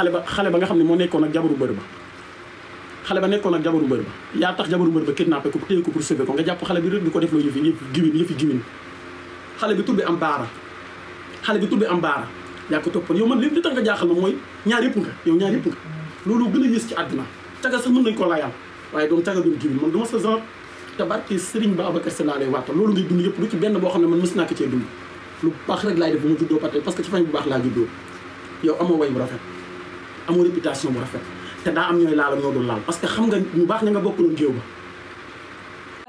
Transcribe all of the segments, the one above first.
xale ba xale ba nga xam ne moo nekkoon ak jabaru mbër ba xale ba nekkoon ak jabaru mbër ba yaa tax jabaru mbër ba kidnappé ko téye ko pour sauver ko nga jàpp xale bi rëdd di ko def loo yëfi bi am baara xale bi tubbi am baara yaa ko yow man lépp ma mooy ñaar yëpp nga yow ñaar a yës ci àdduna caga sax mën nañ ko te barke Serigne Ba Abacar Sy laa lay loolu ngay dund yëpp lu ci benn boo xam ne man mës naa ko cee dund lu baax rek laay def bu ma juddoo ba parce que ci fañ bu baax laa juddoo yow amoo way bu rafet amu réputation bu rafet te daa am ñooy laal ñoo dul laal parce que xam nga ñu baax ña nga bokkuloon géew ba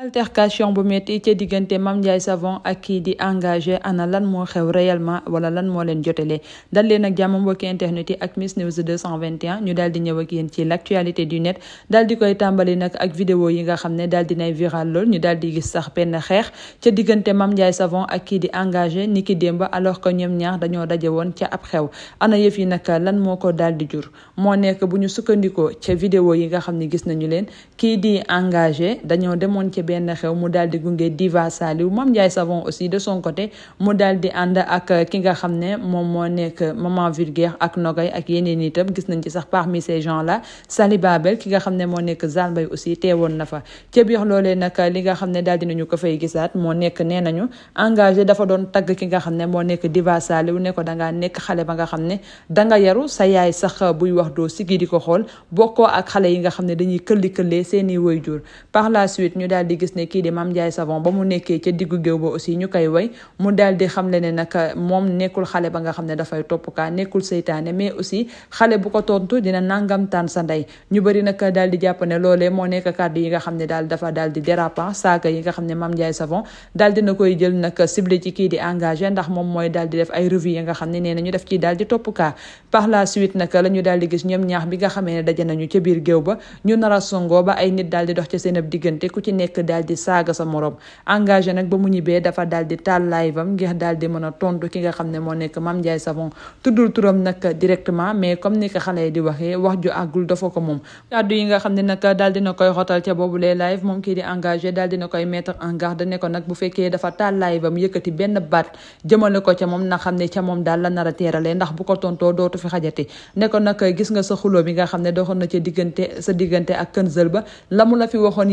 altercation bu metti ci diggante mam Ndiaye Savon ak ki di engagé ana lan mo xew réellement wala lan mo len jotelee dal leen ak jamm internet ak Miss News 221 ñu dal di ñëw ak yéen ci l'actualité du net dal di koy tàmbali nak ak vidéo yi nga xamné dal dinay viral lool ñu dal di gis sax ben xeex ci diggante mam Savon ak ki di engagé niki demba alors que ñoom ñaar dañoo daje woon ab xew ana yëf yi nag lan moo ko daal di jur mo nekk buñu sukkandiko ci vidéo yi nga xamné gis nañu leen ki di engagé dañoo demoon benn xew mu daldi gunge Diva saliw Mame Ndiaye Savon aussi de son côté mu de anda ànd ak ki nga xam ne moom moo nekk maman vulgaire ak nogay ak yeneen itam gis nañ ci sax parmi ces gens là Sali Babel ki nga xam ne moo nekk Zalbay aussi teewoon na fa ca biir loolee nag li nga xam ne daal ko fay gisaat moo nekk nee nañu engagé dafa doon tagg ki nga xam ne moo nekk Diva saliw ne ko dangaa nekk xale ba nga xam ne danga yaru sa yaay sax buy wax doo sigi di ko xool bokkoo ak xale yi nga xam dañuy këlli seeni par la suite ñu daldi gis ne kii di Mame Ndiaye Savon ba mu nekkee mu daal di xam le ne nag moom nekkul xale ba nga xam ne dafay topp kaa nekkul seytaane mais aussi xale bu ko tontu dina nangam taan sa ndey ñu bëri nag daal di jàpp ne loolee moo nekk kàddu yi nga xam ne daal dafa daal di dérapant saaga yi nga xam ne Mame Ndiaye Savon daal dina koy jël nag ciblé ci kii di engagé ndax moom mooy daal di def ay revue yi nga xam ne nee na ñu def ci daal di topp kaa par la suite nag la ñu di gis ñoom ñaax bi nga xamee ne daje nañu ca biir géew ba ñu nar a ba ay nit daal di dox ca seen diggante ku ci nekk daal di saaga sa morom engagé nag ba mu ñibbee dafa daal di taal live am ngir daal di mën a tontu ki nga xam ne moo nekk Mame Ndiaye Savon tuddul turam nag directement mais comme ni ko xale yi di waxee wax ju àggul dafa ko moom kàddu yi nga xam ne nag daal dina koy xotal ca boobu lee live moom kii di engagé daal dina koy mettre en garde ne nag bu fekkee dafa taal live am yëkkati benn baat jëmale ko ca moom na xam ne ca moom daal la nar a ndax bu ko tontoo dootu fi xajati ne nag gis nga sa xuloo bi nga xam ne doxoon na ca diggante sa diggante ak Kenzel ba la mu la fi waxoon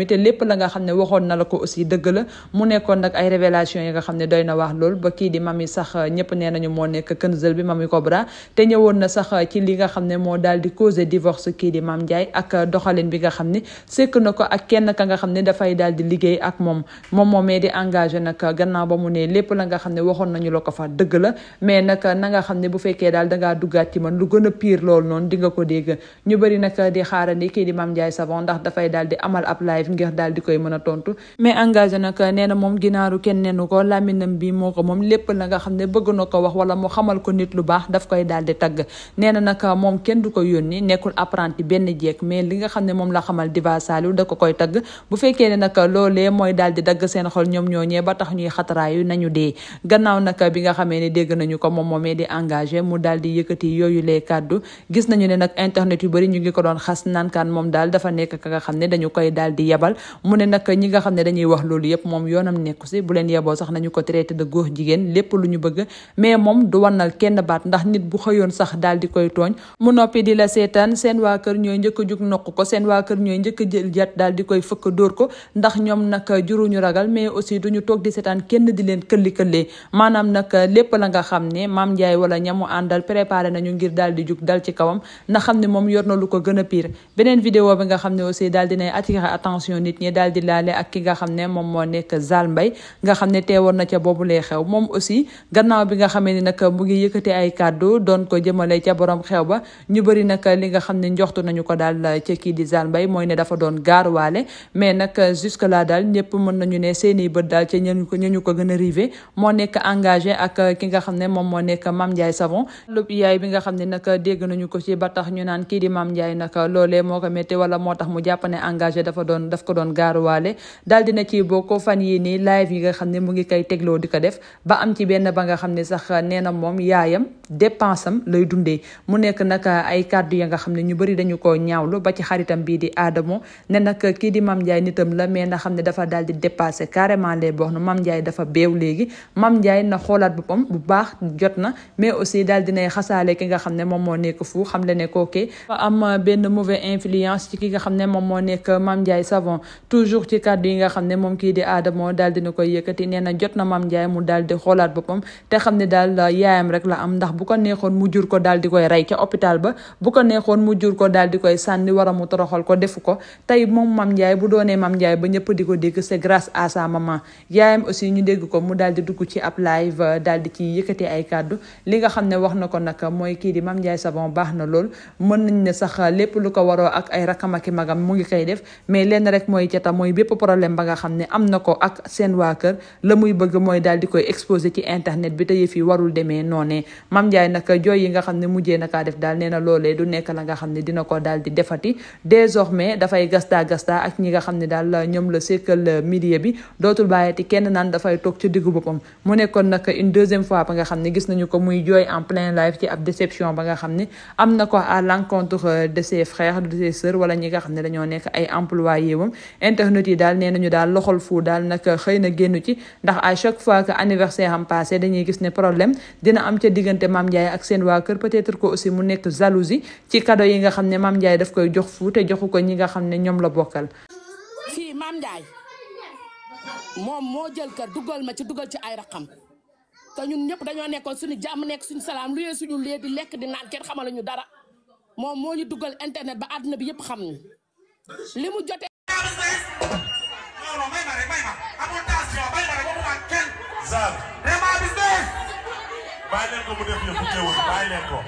mi te lépp la nga xam ne waxoon na la ko aussi dëgg la mu nekkoon nag ay révélation yi nga xam ne doy na wax lool ba kii di mami sax euh, ñëpp nee nañu moo nekk Kenzel bi ko Cobra te ñëwoon na sax euh, ci li nga xam ne moo daal di causé divorce kii di Mame Ndiaye ak euh, doxalin bi nga xam ne sekk na ko ak kenn ka nga xam ne dafay daal di liggéey ak moom moom moom moomee di engagé nag gannaaw ba mu ne lépp la nga xam ne waxoon nañu la ko fa dëgg la mais nag na nga xam ne bu fekkee daal dangaa duggaat ci man lu gën a pire loolu noonu di nga ko dégg ñu bëri nag di xaarandi kii di Mame Ndiaye ndax dafay daal ngir daal di koy mën a tontu mais engagé nag nee moom ginaaru kenn nenu ko làmminam bi moo ko moom lépp la nga xam ne bëgg na ko moom du ko yónni nekkul apprenti mais li nga xam ne la xamal Diva Saliou da ko koy tagg bu fekkee ne nag loolee mooy daal di dagg seen xol ñoom ñooñee ba ko moom moomee di engagé mu daal di yëkkati yooyu lee kàddu gis nañu ne nag internet yu bëri ñu ngi ko doon xas naankaan moom daal dafa nekk ka nga xam ne dañu koy daal di yeb yebal mu ne nag ñi nga xam ne dañuy wax loolu yëpp moom yoonam nekku si bu leen yeboo sax nañu ko traité de góor jigéen lépp lu ñu bëgg mais moom du wannal kenn baat ndax nit bu xëyoon sax daal di koy tooñ mu noppi di la seetaan seen waa kër ñooy njëkk a jug noq ko seen waa kër ñooy njëkk a jël jat dal di koy fëkk dóor ko ndax ñoom nag juruñu ragal mais aussi ñu toog di seetaan kenn di leen këlli këllee maanaam nag lépp la nga xam ne maam Njaay wala ñamu àndal préparé nañu ngir daal di jug dal ci kawam na attention nit ñi daal di laale ak ki nga xam ne moom moo nekk Zal Mbaye nga xam ne teewoon na ca ba ñu li nga xam ne njoxtu nañu ko daal ca kii di Zal Mbaye mooy ne dafa doon gaaruwaale mais nag jusque là daal ñëpp mën nañu ne seeni bët daal ca ñañu ko ñañu ko a rivé moo nekk engagé ak ki nga xam ne moom moo nekk Mame Ndiaye Savon lu yaay bi nga xam ne nag dégg ko ci ba tax ñu naan kii di Mame Ndiaye nag moo ko métti wala moo tax mu jàpp ne dafa doon daf ko doon gaaruwaale daal dina ci bokk fan yii nii live yi nga xam ne mu ngi koy tegloo di ko def ba am ci benn ba nga xam ne sax nee na moom yaayam dépense am lay dundee mu nekk nag ay kàddu ya nga xam ne ñu bëri dañu ko ñaawlu ba ci xaritam bii di Adamo ne nag kii di Mame Ndiaye nitam la mais na xam ne dafa daal di dépassé carrément les bornes Mame Ndiaye dafa beew léegi Mame Ndiaye na xoolaat boppam bu baax jot na mais aussi daal dinay xasaale ki nga xam ne moom moo nekk fu xam le ne kookee am benn mauvaise influence ci ki nga xam ne moom moo nekk Mame Ndiaye sa savons toujours ci kàddu yi nga xam ne moom kii di Adamo daal dina koy yëkkati nee na jot na Mame Ndiaye mu daal di xoolaat boppam te xam ne daal yaayam rek la am ndax bu ko neexoon mu jur ko daal di koy rey ca hôpital ba bu ko neexoon mu jur ko daal di koy sànni war a mu toroxal ko defu ko tey moom Mame Ndiaye bu doonee mam Ndiaye ba ñëpp di ko dégg c'est grâce à sa maman yaayam aussi ñu dégg ko mu daal di dugg ci ab live daal di ci yëkkati ay kàddu li nga xam ne wax na ko nag mooy kii di Mame Ndiaye Savon baax na lool mën nañ ne sax lépp lu ko waroo ak magam mu ngi rek mooy cata mooy bépp problème ba nga xam ne am na ko ak seen waa kër la muy bëgg mooy daal di koy exposé ci internet bi te yëf yi warul demee noonee Mame Ndiaye naka jooy yi nga xam ne mujjee nakaa def daal nee na loolee du nekk la nga xam ne dina ko daal di defati désormais dafay gasta gasta ak ñi nga xam ne daal ñoom la cercle média bi dootul bàyyati kenn naan dafay toog ci diggu boppam mu nekkoon naka une deuxième fois ba nga xam ne gis nañu ko muy jooy en plein live ba nga xam ne am na ko à l'encontre de ses frères de woon internet yi daal nee nañu daal loxol fu daal nag xëy na génnu ci ndax à chaque fois que anniversaire am passé dañuy gis ne problème dina am ca diggante Mame Ndiaye ak seen waa kër peut-être que aussi mu nekk jalousie ci kado yi nga xam ne Mame Ndiaye daf koy jox fu te joxu ko ñi nga xam ne ñoom la bokkal. fii Mame Ndiaye moom moo jël kër dugal ma ci dugal ci ay raqam te ñu ñëpp dañoo nekkoon suñu jàmm nekk suñu salaam luyee suñu lee di lekk di naan kenn xamala ñu dara moom moo ñu dugal internet ba àdduna bi yëpp xam ni teewul bàyyi leen ko.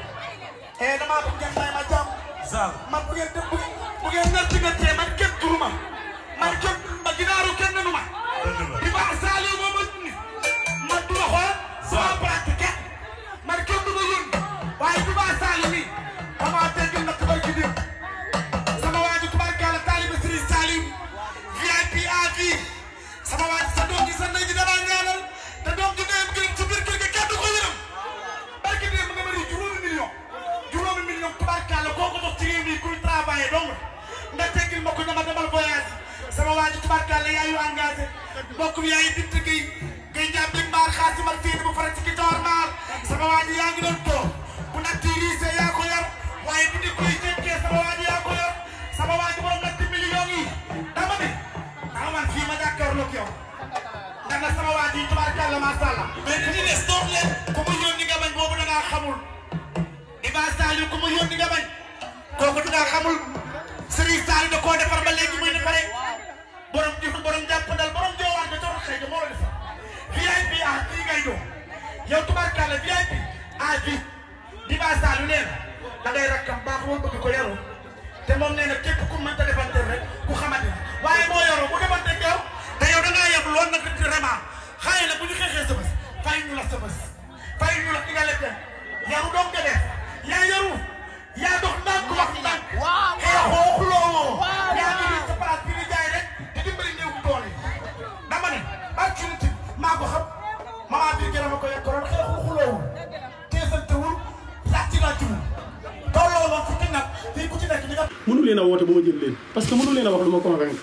eh damaa bëgg ngeen ma jàmm. Zal man bu ngeen def bu bu ngeen ngerti ma. man kenn ma ginaaru kenn ma. dëgg ma Saliou moom a ni ma ma xool. sama pratique man kenn du ma yónni. waaye bi ma Saliou nii. damaa dégg nag barki dem. sama waa ji tubaarkalla taaliba Serigne Saliou. tubarkalla yaayu engagé mbokk mi yaayu ditt gi ngay jàpp rek maar xaasimal bu faral ci gitaar maar sama waa yaa ngi doon toog bu natt yaa ko waaye bu nit koy jékkee sama waa yaa ko sama waa ji borom natti million yi dama ne dama ah fii ma jàkkaarloo ak yow ndax nag sama waa ji tubarkalla macha allah mais ni ñu des toog leen ku mu yónni nga bañ boobu xamul di baax saa yu ku mu yónni nga bañ kooku xamul. yow tubaarkàlla VIP à vie Diva Sall nee na da ngay rakkam baax moom bëgg ko yaru te moom nee na képp ku mënta defante rek ku xamante waaye moo yoroo bu defante yow te yow da ngaa yem lool nag vraiment xaay la bu ñu xeexee sa bés fay ñu la sa bés fay la ki nga lekk yaru doom mënul leen a woote ba ma jël leen parce que mënu leen a wax lu ma convaincre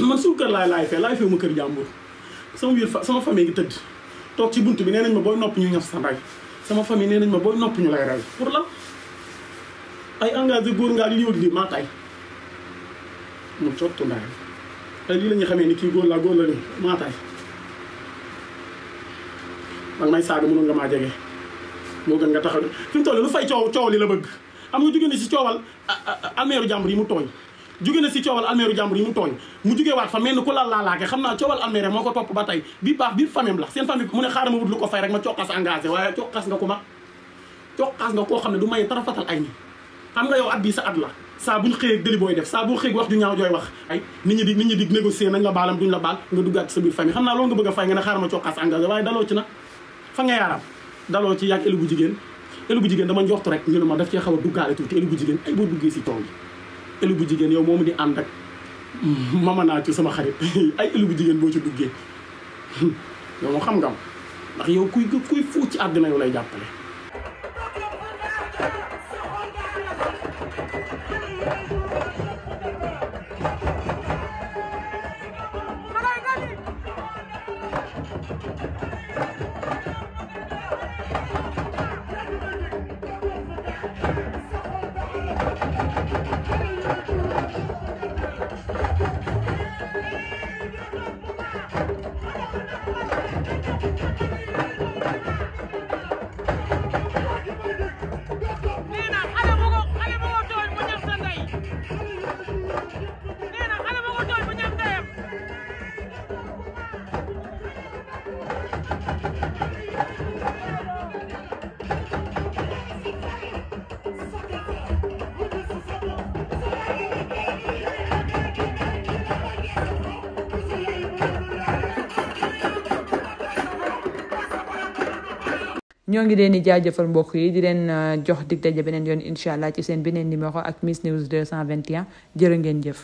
man suñu kër laay laay fee laay fee ma kër jàmbur sama biir fa sama famille ngi tëdd toog ci bunt bi nee nañ ma booy nopp ñu ñaf sa ndey sama famille nee nañ ma booy nopp ñu lay rey pour lan ay engagé góor ngaa ak lii ak lii maa mu cottu ndaay ay lii la xamee ni kii góor laa góor la ni maa tay man may saaga mënoon nga maa jege moo gën nga taxaw fi mu toll lu fay coow coow li la bëgg amu nga jóge na si coowal almeeru jàmbur yi mu tooñ jóge na si coowal almeeru jàmbur mu tooñ mu jóge waat fa mel ni ku laal laalaake xam naa coowal almeer moo ko ba tey bi baax biir famem la sen famille mu ne xaaral wut lu ko fay rek ma coqas engagé waaye coqas nga ko ma coqas nga ko xamne du may tarafatal ay ni xam nga yow at bii sa at la saa buñ ak deli boy def sa bu xey wax du ñaaw joy wax ay nit ñi di nit ñi di négocier nañ la balam duñ la bal nga duggaat sa bir famille xamna lo nga bëgg fay nga na xaaral ma coqas engagé waye dalo ci na fa nga yaram dalo ci yak elu bu jigen élu bu jigéen dama njoxtu rek ñu ma daf cee xaw a duggaale tuuti élu bu jigéen ay boo duggee si tool yi élu bu jigéen yow moomu di ànd ak mama naa ci sama xarit ay élu jigéen boo ci duggee yow xam nga am ndax yow kuy kuy fuut ci àddina yow lay jàppale ñoo ngi leen di jaajëfal mbokk yi di leen euh, jox dig daje beneen yoon incha allah ci seen beneen numéro ak Miss News 221 jërë ngeen jëf.